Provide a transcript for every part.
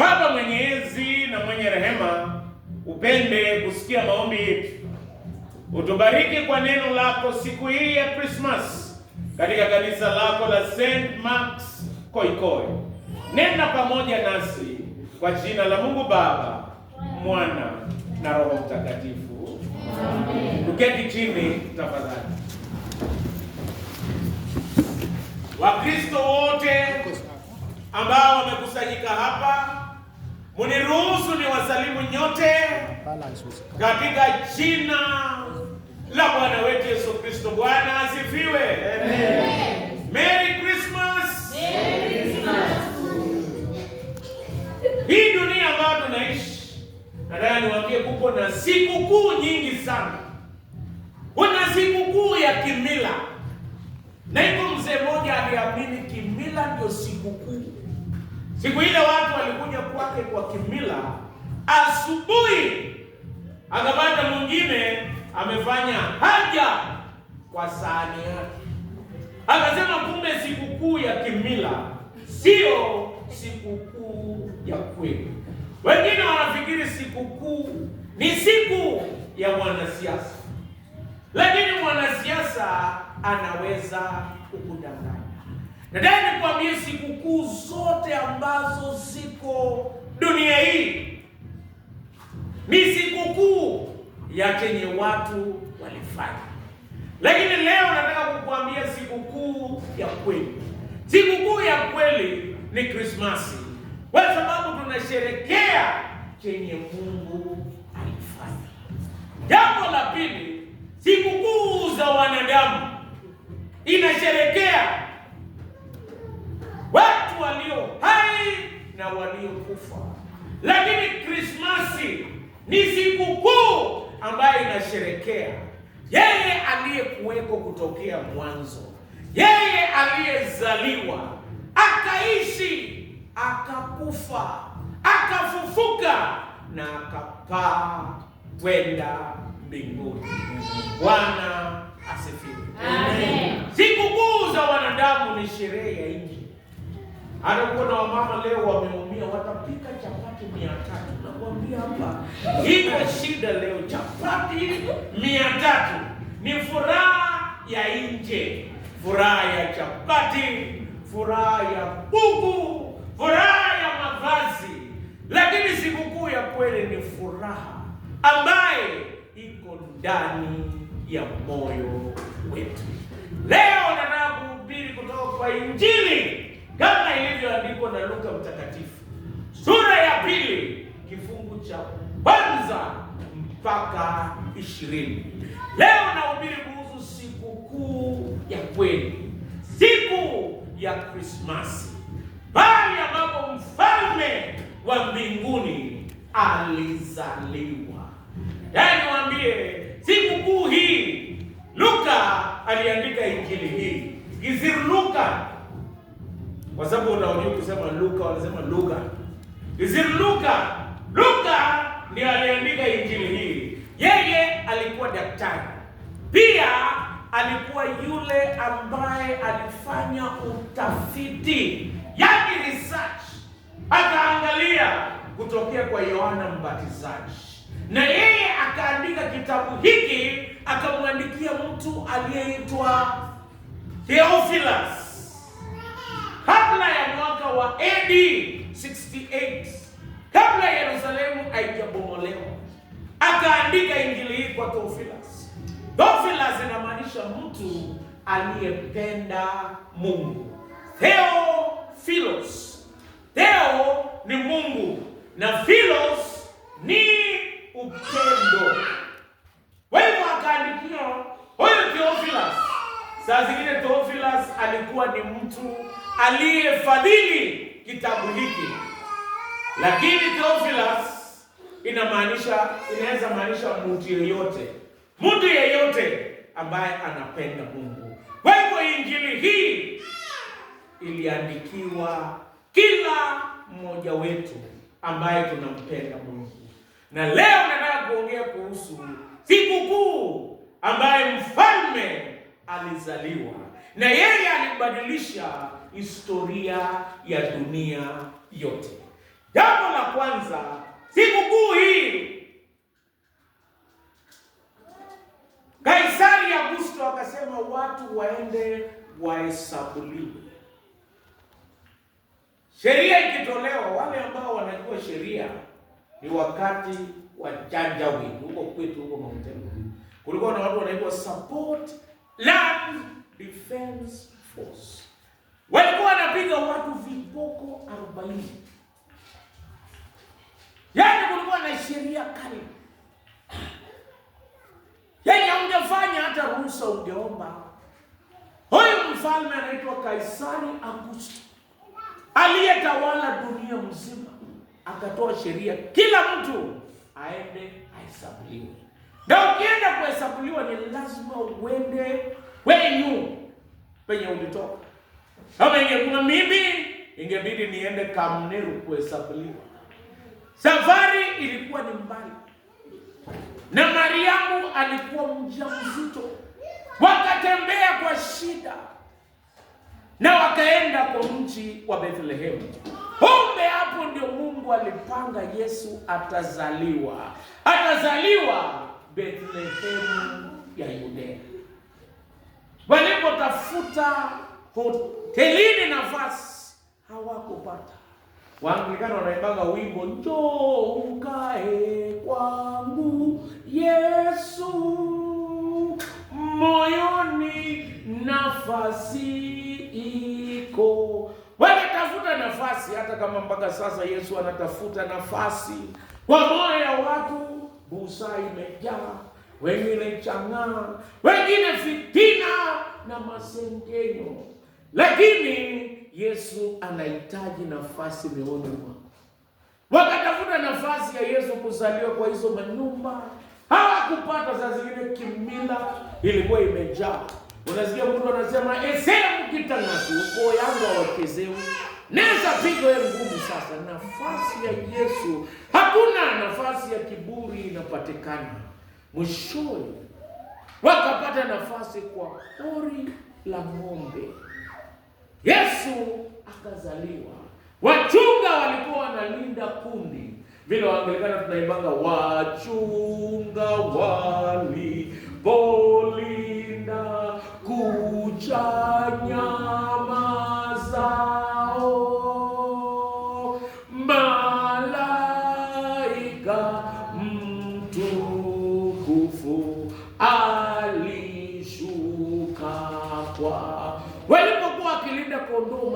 Baba mwenyezi na mwenye rehema, upende kusikia maombi yetu, utubariki kwa neno lako siku hii ya Christmas katika kanisa lako la St. Mark's Koikoi. Nena pamoja nasi kwa jina la Mungu Baba, Mwana na Roho Mtakatifu. Amen. Tuketi chini tafadhali. Wakristo wote ambao wamekusanyika hapa Muniruhusu ni wasalimu nyote katika jina la Bwana wetu Yesu Kristo. Bwana asifiwe. Amen. Merry Christmas. Merry Christmas. Hii dunia ambayo tunaishi, nataka niwaambie kuko na sikukuu nyingi sana. Kuna sikukuu ya kimila, na iko mzee mmoja aliamini kimila ndio sikukuu Siku ile watu walikuja kwake kwa kimila asubuhi, akapata mwingine amefanya haja kwa sahani yake, akasema kumbe sikukuu ya kimila sio sikukuu ya kweli. Wengine wanafikiri sikukuu ni siku ya mwanasiasa, lakini mwanasiasa anaweza kukudanganya. Nataka nikwambie sikukuu zote ambazo ziko dunia hii ni sikukuu ya chenye watu walifanya, lakini leo nataka kukuambia sikukuu ya kweli. Sikukuu ya kweli ni Krismasi, kwa sababu tunasherekea chenye Mungu alifanya. Jambo la pili, sikukuu za wanadamu inasherekea watu walio hai na waliokufa. Lakini Krismasi ni sikukuu ambayo inasherekea yeye aliyekuweko kutokea mwanzo, yeye aliyezaliwa akaishi, akakufa, akafufuka na akapaa kwenda mbinguni. Bwana asifiwe. Sikukuu za wanadamu ni sherehe ya nje, Anakuwa na wamama leo wameumia, watapika chapati mia tatu. Nakwambia hapa ina shida leo, chapati mia tatu ni furaha ya nje, furaha ya chapati, furaha ya buku, furaha ya mavazi, lakini sikukuu ya kweli ni furaha ambaye iko ndani ya moyo wetu. Leo nataka kuhubiri kutoka kwa Injili kama ilivyoandikwa na Luka mtakatifu sura ya pili kifungu cha kwanza mpaka ishirini. Leo nahubiri kuhusu sikukuu ya kweli, siku ya Krismasi, bali ambapo mfalme wa mbinguni alizaliwa. Yaani niwaambie, sikukuu hii Luka aliandika injili hii, Luka kwa sababu unaojua kusema Luka, wanasema Luka it Luka. Luka ndiye aliandika injili hii. Yeye alikuwa daktari pia, alikuwa yule ambaye alifanya utafiti, yani research, akaangalia kutokea kwa Yohana Mbatizaji, na yeye akaandika kitabu hiki, akamwandikia mtu aliyeitwa Theophilus kabla ya mwaka wa AD 68 kabla Yerusalemu haijabomolewa akaandika injili hii kwa Theophilus. Theophilus inamaanisha mtu aliyependa Mungu. Theophilus, Theo ni Mungu na philos ni upendo. Kwa hivyo akaandikia huyu Theophilus Saa zingine Theophilus alikuwa ni mtu aliyefadhili kitabu hiki, lakini Theophilus inamaanisha inaweza maanisha mtu yeyote, mtu yeyote ambaye anapenda Mungu. Kwa hivyo injili hii iliandikiwa kila mmoja wetu ambaye tunampenda Mungu, na leo nataka kuongea kuhusu sikukuu ambaye mfalme alizaliwa na yeye alibadilisha historia ya dunia yote. Jambo la kwanza, sikukuu hii Kaisari Augusto akasema watu waende wahesabuliwe. Sheria ikitolewa, wale ambao wanajua sheria ni wakati wa janja Janjaweed huko kwetu huko Mount Elgon, kulikuwa na watu wanaitwa support Land Defense Force walikuwa wanapiga watu viboko 40. yani kulikuwa na sheria kali, yani haungefanya hata ruhusa, ungeomba. Huyu mfalme anaitwa Kaisari Augusto aliyetawala dunia mzima, akatoa sheria, kila mtu aende ahesabiwe. Na ukienda kuhesabuliwa ni lazima uende wenyu penye ulitoka. Kama ingekuwa mimi, ingebidi niende Kamneru kuhesabuliwa. Safari ilikuwa ni mbali, na Mariamu alikuwa mjamzito. Wakatembea kwa shida na wakaenda kwa mji wa Bethlehemu. Kumbe hapo ndio Mungu alipanga Yesu atazaliwa, atazaliwa Bethlehemu ya Yudea. Walipotafuta hotelini nafasi hawakupata. Waanglikana wanaimbaga wimbo, njoo ukae kwangu Yesu, moyoni nafasi iko. Walitafuta nafasi, hata kama mpaka sasa Yesu anatafuta nafasi kwa moyo busaa imejaa, wengine chang'aa, wengine fitina na masengenyo, lakini Yesu anahitaji nafasi miongoni mwao. Wakatafuta nafasi ya Yesu kuzaliwa kwa hizo manyumba, hawakupata. Saa zingine kimila ilikuwa imejaa. Unasikia mtu anasema esee mkitangasi ukoo yangu awachezewe Neza pigo ya ngumu sasa. Nafasi ya Yesu hakuna, nafasi ya kiburi inapatikana. Mwishowe wakapata nafasi kwa hori la ng'ombe. Yesu akazaliwa, wachunga walikuwa wanalinda kundi vile Waanglikana tunaimanga wachunga walipolinda kuchanya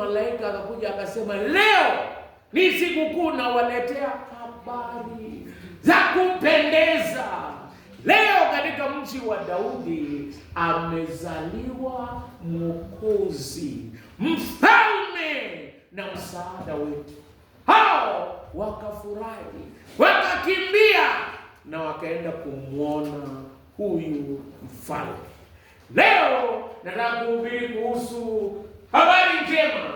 malaika akakuja akasema, leo ni sikukuu, nawaletea habari za kupendeza. Leo katika mji wa Daudi amezaliwa Mwokozi, mfalme na msaada wetu. Hao wakafurahi, wakakimbia na wakaenda kumwona huyu mfalme. Leo nataka kuhubiri kuhusu habari njema,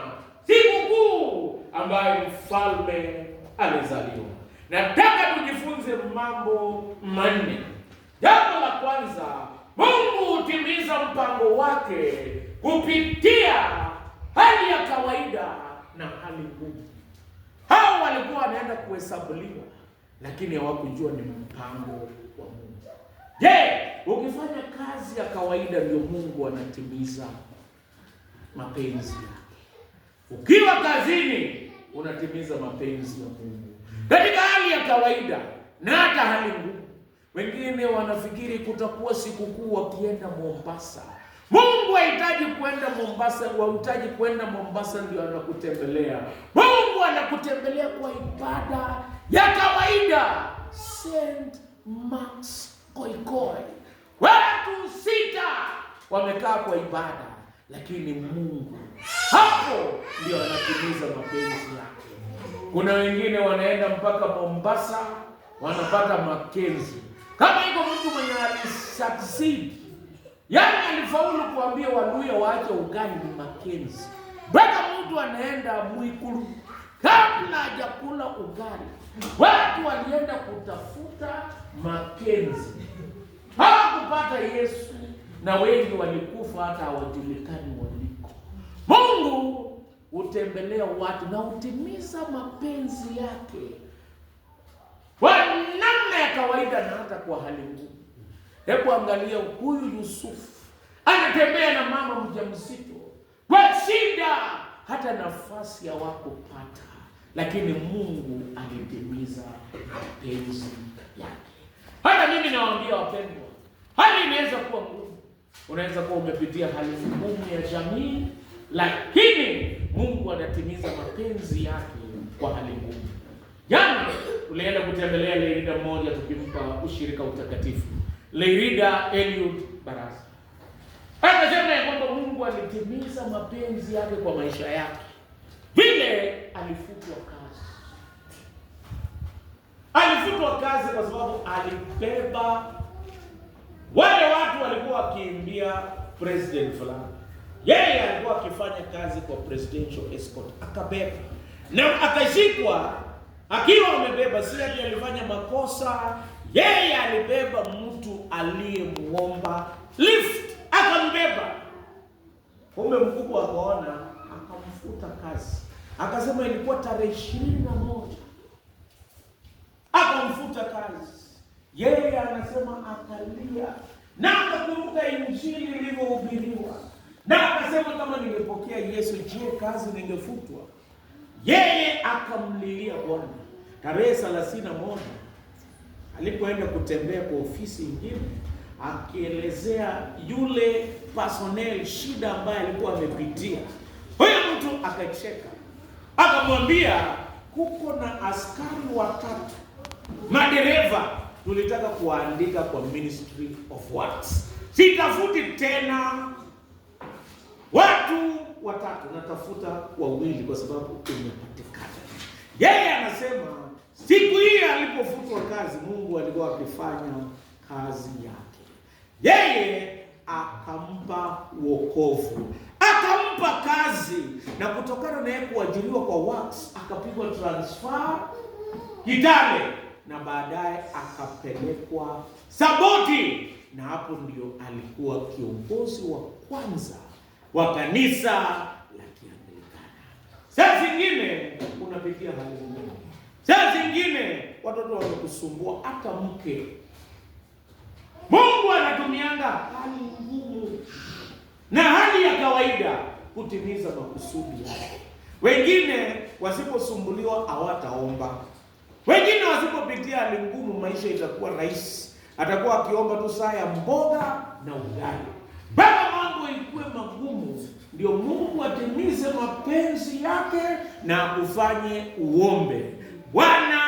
sikukuu ambayo mfalme alizaliwa. Nataka tujifunze mambo manne. Jambo la kwanza, Mungu hutimiza mpango wake kupitia hali ya kawaida na hali ngumu. Hao walikuwa wanaenda kuhesabuliwa, lakini hawakujua ni mpango wa Mungu. Je, ukifanya kazi ya kawaida ndio Mungu anatimiza mapenzi yake. Ukiwa kazini unatimiza mapenzi ya Mungu katika hali ya kawaida na hata hali ngumu. Wengine wanafikiri kutakuwa sikukuu wakienda Mombasa. Mungu hahitaji kwenda Mombasa, wahitaji kuenda Mombasa ndio anakutembelea. Mungu anakutembelea kwa ibada ya kawaida. St. Mark's Koikoi, watu sita wamekaa kwa ibada lakini Mungu hapo ndio anatimiza mapenzi yake. Kuna wengine wanaenda mpaka Mombasa wanapata Makenzi kama iko Mtu mwenye alisucceed, yaani alifaulu kuambia Waluya waache ugani ni Makenzi. Bado mtu anaenda Mwikulu kabla hajakula ugali, watu walienda kutafuta Makenzi hawakupata Yesu na wengi walikufa hata hawajulikani waliko. Mungu hutembelea watu na hutimiza mapenzi yake kwa namna ya kawaida na hata kwa hali ngumu. Hebu angalia huyu Yusufu anatembea na mama mjamzito kwa shida, hata nafasi ya wako pata, lakini Mungu alitimiza mapenzi yake. Hata mimi nawaambia wapendwa, hali inaweza kuwa ngumu Unaweza kuwa umepitia hali ngumu ya jamii, lakini Mungu anatimiza mapenzi yake kwa hali ngumu. Jana ulienda kutembelea Leirida mmoja tukimpa ushirika utakatifu, Leirida Eliud Barasa akasema ya kwamba Mungu alitimiza mapenzi yake kwa maisha yake, vile alifutwa kazi. Alifutwa kazi kwa sababu alibeba wale watu walikuwa wakiimbia president fulani, yeye alikuwa akifanya kazi kwa presidential escort, akabeba na akashikwa akiwa amebeba, si ati alifanya makosa. Yeye alibeba mtu aliyemwomba lift, akambeba. Kumbe mkubwa akaona, akamfuta kazi, akasema ilikuwa tarehe ishirini na moja akamfuta kazi yeye anasema atalia na akakumbuka injili ilivyohubiriwa, na akasema kama ningepokea Yesu, je, kazi ningefutwa? Yeye akamlilia Bwana. Tarehe thelathini na moja alipoenda kutembea kwa ofisi ingine, akielezea yule personnel shida ambaye alikuwa amepitia, huyo mtu akacheka, akamwambia kuko na askari watatu madereva tulitaka kuandika kwa ministry of works. Sitafuti tena watu watatu, natafuta wawili, kwa sababu umepatikana. Yeye anasema siku hiyo alipofutwa kazi, Mungu alikuwa akifanya kazi yake, yeye akampa wokovu akampa kazi, na kutokana na yeye kuajiriwa kwa works akapigwa transfer Kitale na baadaye akapelekwa Saboti, na hapo ndio alikuwa kiongozi wa kwanza wa kanisa la Kianglikana. Saa zingine unapitia hali ngumu, saa zingine watoto wanakusumbua, hata mke. Mungu anatumianga hali ngumu na hali ya kawaida kutimiza makusudi yake. Wengine wasiposumbuliwa hawataomba wengine wasipopitia hali ngumu, maisha itakuwa rahisi, atakuwa akiomba tu saa ya mboga na ugali. Baba, mambo ikuwe magumu, ndio Mungu atimize mapenzi yake na ufanye uombe. Bwana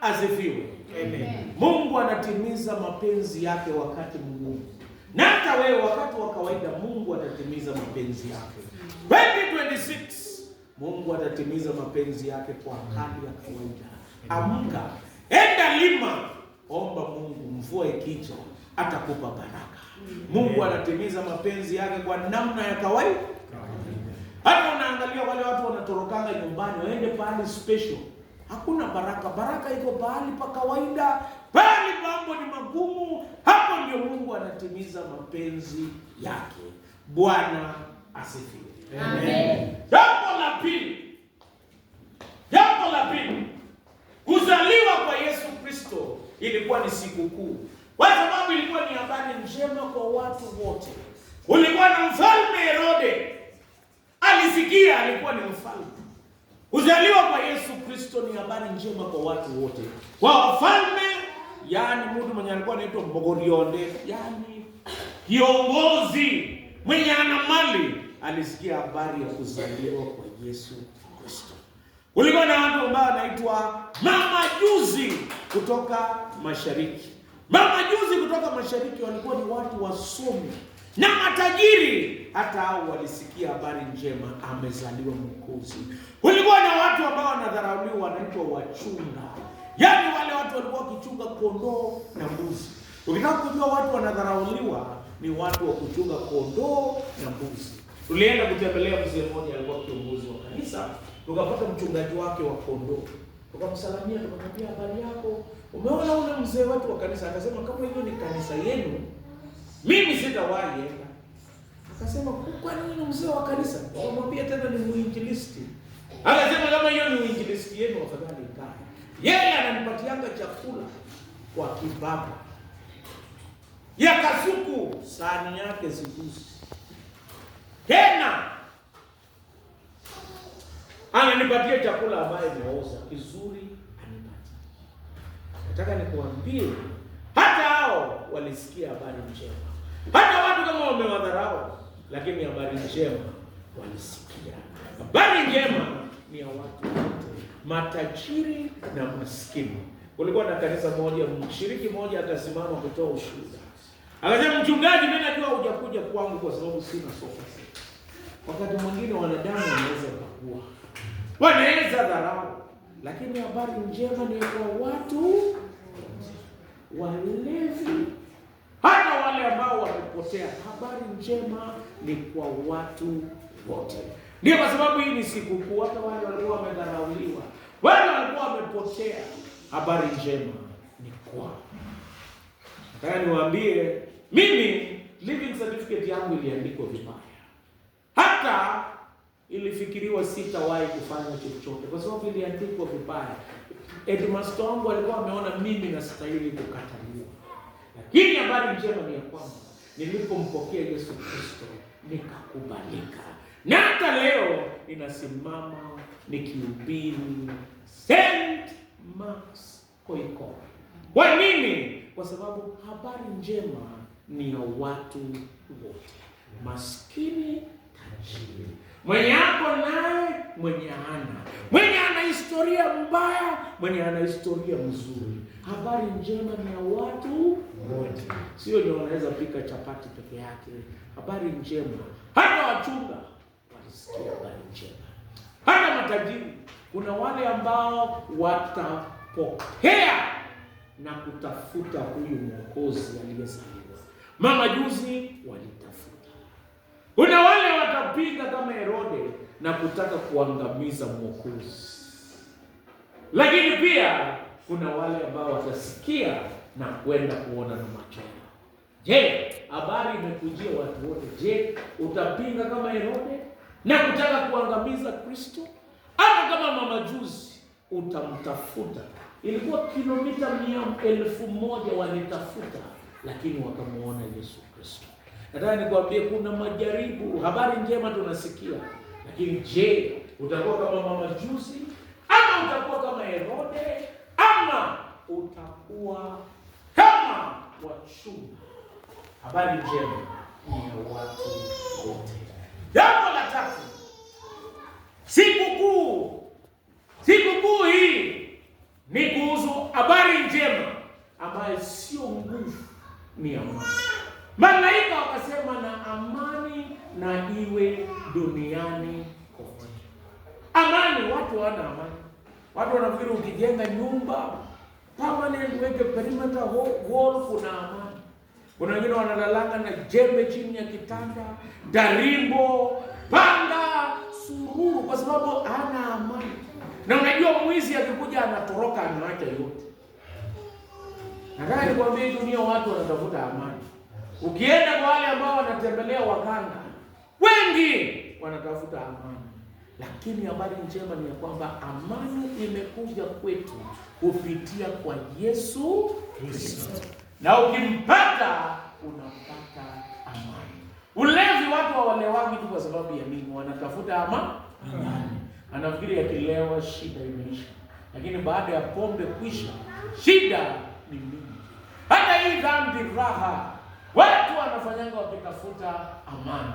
asifiwe, amen. Mungu anatimiza mapenzi yake wakati mgumu, na hata wewe wakati wa kawaida Mungu anatimiza mapenzi yake 2026 Mungu atatimiza mapenzi yake kwa hali ya kawaida. Amka, enda lima, omba Mungu, mvua ikija atakupa baraka. Mungu anatimiza mapenzi yake kwa namna ya kawaida. Hata unaangalia wale watu wanatorokanga nyumbani waende pahali special, hakuna baraka. Baraka iko pahali pa kawaida, pahali mambo ni magumu. Hapo ndio Mungu anatimiza mapenzi yake. Bwana asifiwe. Amen. Jambo la pili, jambo la pili Kuzaliwa kwa Yesu Kristo ilikuwa ni sikukuu, kwa sababu ilikuwa ni habari njema kwa watu wote. Ulikuwa na mfalme Herode, alisikia alikuwa ni mfalme. Kuzaliwa kwa Yesu Kristo ni habari njema kwa watu wote, kwa wafalme, yaani mtu mwenye alikuwa anaitwa Mbogorionde, yaani kiongozi mwenye ana mali, alisikia habari ya kuzaliwa kwa Yesu Kulikuwa na watu ambao wanaitwa mama juzi kutoka mashariki. Mama juzi kutoka mashariki walikuwa ni watu wasomi na matajiri, hata hao walisikia habari njema, amezaliwa Mwokozi. Kulikuwa na watu ambao wanadharauliwa, wanaitwa wachunga, yaani wale watu walikuwa wakichunga kondoo na mbuzi. Ukitaka kujua watu wanadharauliwa, ni watu wa kuchunga kondoo na mbuzi. Tulienda kutembelea mzee mmoja alikuwa kiongozi wa kanisa, tukapata mchungaji wake wa kondoo. Tukamsalamia, tukamwambia habari yako. Umeona ule mzee wetu wa kanisa akasema kama hiyo ni kanisa yenu, mimi sitawahi enda. Akasema kwa nini ni mzee wa kanisa? Wakamwambia tena ni muinjilisti. Akasema kama hiyo ni uinjilisti yenu afadhali ikae. Yeye ananipatianga chakula kwa kibaba. Yakasuku sahani yake sikuzi tena ananipatia chakula ambaye nimeoza kizuri anipatia. Nataka nikuambie, hata hao walisikia habari njema, hata watu kama wamewadharau, lakini habari njema walisikia. Habari njema ni ya watu wote, matajiri na maskini. Kulikuwa na kanisa moja, mshiriki mmoja akasimama kutoa ushuhuda Akasema mchungaji, mimi najua hujakuja kwangu kwa sababu sina sofa. Wakati mwingine wanadamu wanaweza kukua, wanaweza dharau, lakini habari njema ni kwa watu walevi, hata wale ambao wamepotea. Habari njema ni kwa watu wote. Ndio kwa sababu hii ni sikukuu, hata wale walikuwa wamedharauliwa, wale walikuwa wamepotea, habari njema ni kwao. Nataka niwaambie mimi living certificate yangu iliandikwa vibaya, hata ilifikiriwa sitawahi kufanya chochote kwa sababu iliandikwa vibaya. Headmaster wangu alikuwa ameona mimi nastahili kukataliwa, lakini habari njema ni ya kwamba nilipompokea Yesu Kristo nikakubalika, na hata leo inasimama nikihubiri St. Mark's Koikoi. Kwa nini? kwa sababu habari njema ni ya watu wote, maskini, tajiri, mwenye ako naye, mwenye ana, mwenye ana historia mbaya, mwenye ana historia mzuri. Habari njema ni ya watu wote, sio ndio? Wanaweza pika chapati peke yake. Habari njema, hata wachunga walisikia habari njema, hata matajiri. Kuna wale ambao watapokea na kutafuta huyu mwokozi aliyezaliwa. Mama juzi walitafuta. Kuna wale watapinga kama Herode na kutaka kuangamiza mwokozi, lakini pia kuna wale ambao watasikia na kwenda kuona na macho yao. Je, habari imekujia watu wote? Je, utapinga kama Herode na kutaka kuangamiza Kristo, ama kama mama juzi utamtafuta Ilikuwa kilomita mia elfu moja walitafuta, lakini wakamuona Yesu Kristo. Nataka nikwambie kuna majaribu. Habari njema tunasikia, lakini je, utakuwa kama mamajusi ama utakuwa kama Herode ama utakuwa kama wachuma? Habari njema ni watu wote. Jambo la tatu, sikukuu, sikukuu hii ni kuhusu habari njema ambayo sio nguvu ni amani. Malaika wakasema na amani na iwe duniani kote. Amani, watu wana amani. Watu wanafikiri ukijenga nyumba permanent, weke perimeter wall, kuna amani. Kuna wengine wanalalanga na jembe chini ya kitanda, darimbo, panga, sururu, kwa sababu hana amani. Na unajua mwizi akikuja anatoroka anaacha yote. Nataka nikwambie dunia watu wanatafuta amani. Ukienda kwa wale ambao wanatembelea waganga, wengi wanatafuta amani. Lakini habari njema ni ya kwamba amani imekuja kwetu kupitia kwa Yesu Kristo. Na ukimpata unapata amani. Ulevi, watu hawalewangi tu kwa sababu ya nini? Wanatafuta ama amani anafikiri akilewa shida imeisha, lakini baada ya pombe kuisha shida ni mingi. Hata hii dhambi raha, watu wanafanyanga wakitafuta amani.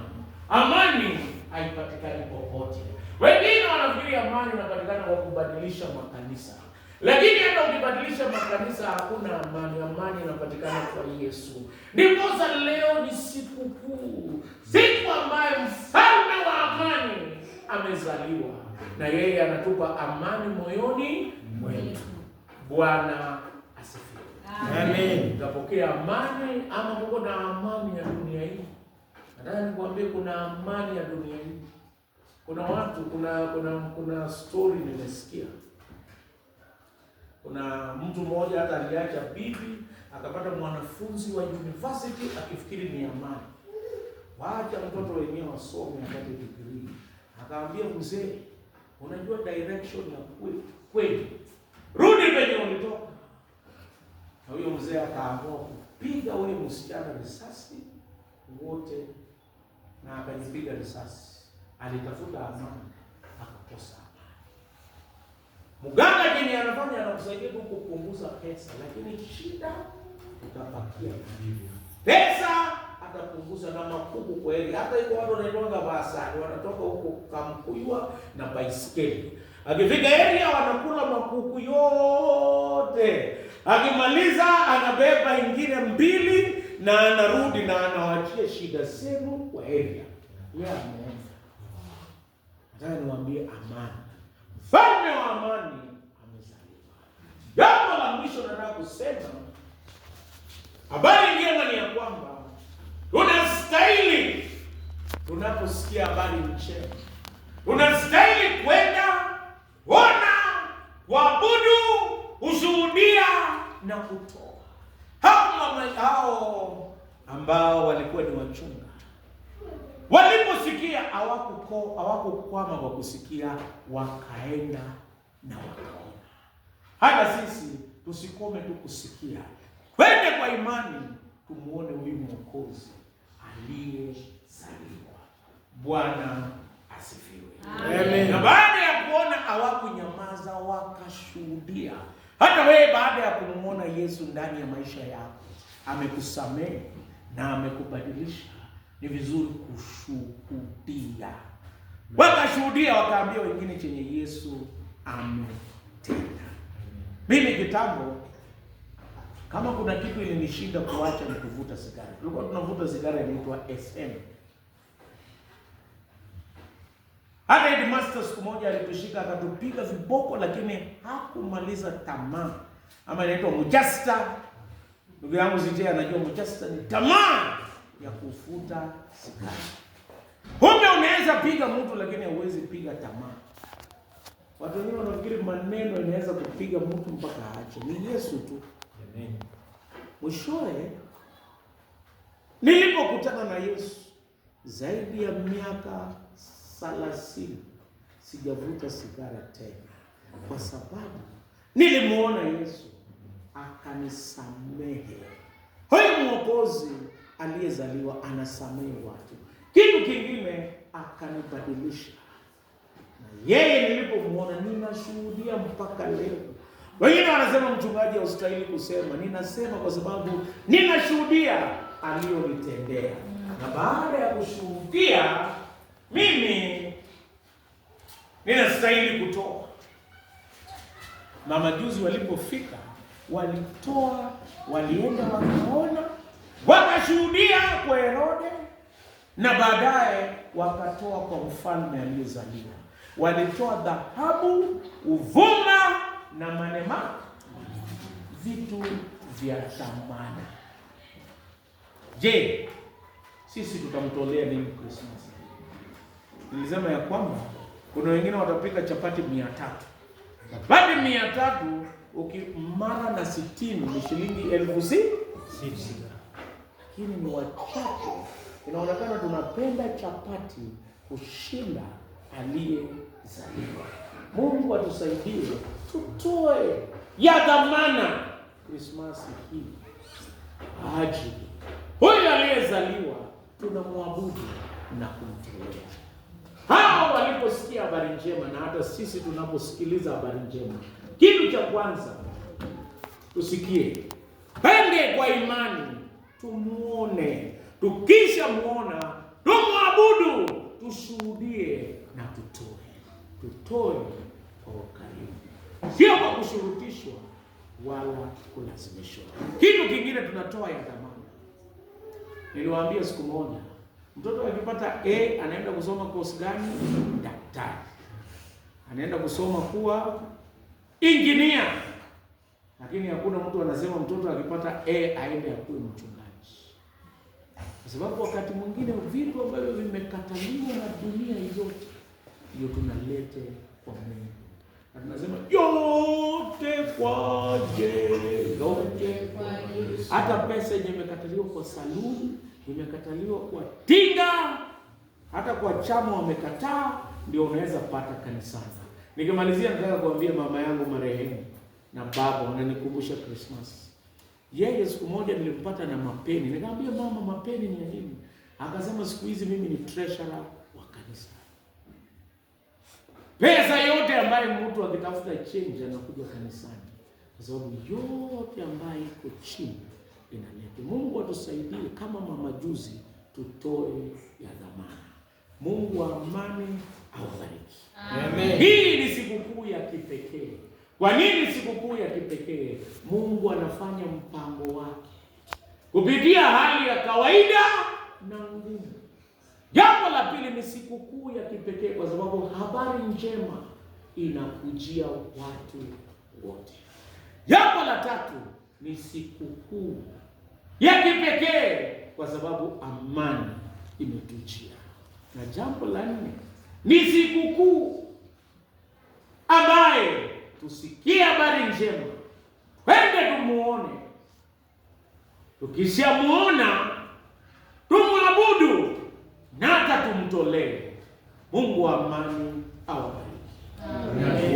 Amani haipatikani popote. Wengine wanafikiri amani inapatikana kwa kubadilisha makanisa, lakini hata ukibadilisha makanisa hakuna amani. Amani inapatikana kwa Yesu. Ndiposa leo ni sikukuu, siku ambayo mfalme wa amani amezaliwa na yeye anatupa amani moyoni mwetu. Bwana asifiwe. Amen. Tutapokea amani ama Mungu na amani ya dunia hii. Nataka nikwambie kuna amani ya dunia hii. Kuna watu, kuna kuna kuna story nimesikia. Kuna mtu mmoja hata aliacha bibi akapata mwanafunzi wa university akifikiri ni amani. Waacha mtoto wenyewe wasome apate degree akaambia mzee, unajua direction ya kweli kweli, rudi kwenye ulitoka. Na huyo mzee akaamua kupiga ule msichana risasi wote, na akajipiga risasi. Alitafuta amani, akakosa Mganga jini anafanya anakusaidia tu kupunguza pesa, lakini shida utapakia. Pesa napunguza na makuku kweli. Hata iko watu wanaitwanga baasani, wanatoka huko kamkuyua na baiskeli, akifika area wanakula makuku yote, akimaliza anabeba ingine mbili na anarudi na anawachia shida zenu kwa area Nataka niwaambie amani, mfalme wa amani amezaliwa. Jambo la mwisho nataka kusema habari njema ni ya kwamba Unastahili unaposikia habari njema, unastahili kwenda ona, kuabudu, kushuhudia na kutoa. Hao ambao walikuwa ni wachunga waliposikia awakukwama hawakukwama kwa kusikia, wakaenda na wakaona. Hata sisi tusikome tu kusikia, kwende kwa imani, tumuone huyu Mwokozi aliyezaliwa. Bwana asifiwe. Amen. Na baada ya kuona hawakunyamaza, wakashuhudia. Hata wewe baada ya kumwona Yesu ndani ya maisha yako, amekusamehe na amekubadilisha, ni vizuri kushuhudia. Wakashuhudia, wakaambia wengine chenye Yesu ametenda. Mimi kitambo kama kuna kitu ilinishinda kuacha ni kuvuta sigara. Tulikuwa tunavuta sigara inaitwa SM. Hata headmaster siku moja alitushika akatupiga viboko, lakini hakumaliza tamaa, ama inaitwa mujasta. Ndugu yangu Zitee anajua mujasta ni tamaa ya kufuta sigara. Kumbe unaweza piga mtu, lakini hauwezi piga tamaa. Watu wengine wanafikiri maneno inaweza kupiga mtu mpaka aache. Ni Yesu tu. Mwishowe nilipokutana na Yesu zaidi ya miaka thelathini sijavuta sigara tena, kwa sababu nilimwona Yesu akanisamehe. Huyu mwokozi aliyezaliwa anasamehe watu. Kitu kingine, akanibadilisha na yeye nilipomwona, ninashuhudia mpaka leo wengine wanasema mchungaji haustahili kusema. Ninasema kwa sababu ninashuhudia aliyonitendea, na baada ya kushuhudia mimi ninastahili kutoa. mama juzi walipofika, walitoa, walienda wakaona, wakashuhudia kwa Herode, na baadaye wakatoa kwa mfalme aliyezaliwa. Walitoa dhahabu, uvumba na manema vitu vya thamani. Je, sisi tutamtolea nini Christmas? Nilisema ya kwamba kuna wengine watapika chapati mia tatu chapati mia tatu ukimara na sitini ni shilingi elfu sita lakini ni wachache. Inaonekana tunapenda chapati kushinda aliyezaliwa. Mungu atusaidie tutoe ya dhamana Krismasi hii ajili huyu aliyezaliwa tunamwabudu na kumtolea. Hao waliposikia habari njema, na hata sisi tunaposikiliza habari njema, kitu cha kwanza tusikie, pende kwa imani, tumuone, mwona tumwabudu, tushuhudie na tutoe, tutoe kwa ukarimu sio kwa kushurutishwa wala kulazimishwa. Kitu kingine tunatoa ya dhamana. Niliwaambia siku moja, mtoto akipata A anaenda kusoma kosi gani? Daktari, anaenda kusoma kuwa injinia, lakini hakuna mtu anasema mtoto akipata A aende akuwe mchungaji, kwa sababu wakati mwingine vitu ambavyo vimekataliwa na dunia yote ndio tunalete kwa Mungu na tunasema yote kwaje, yote Hata pesa yenye imekataliwa kwa saluni, imekataliwa kwa tinga, hata kwa chama wamekataa, ndio unaweza pata kanisani. Nikimalizia nataka kuambia mama yangu marehemu na baba wananikumbusha Christmas. Yeye siku moja nilimpata na mapeni, nikamwambia mama, mapeni ni ya nini? Akasema siku hizi mimi ni treasurer wa kanisa. Pesa yote ambayo mtu akitafuta change anakuja kanisani, kwa sababu yote ambayo iko chini inaleta Mungu atusaidie kama mama juzi, tutoe ya dhamana. Mungu wa amani awabariki. Amen. Hii ni sikukuu ya kipekee. Kwa nini sikukuu ya kipekee? Mungu anafanya mpango wake kupitia hali ya kawaida Jambo la pili ni sikukuu ya kipekee kwa sababu habari njema inakujia watu wote. Jambo la tatu ni sikukuu ya kipekee kwa sababu amani imetujia, na jambo la nne ni sikukuu ambaye tusikie habari njema, twende tumuone, tukishamuona tumwabudu na hata tumtolee. Mungu wa amani awabariki. Amen.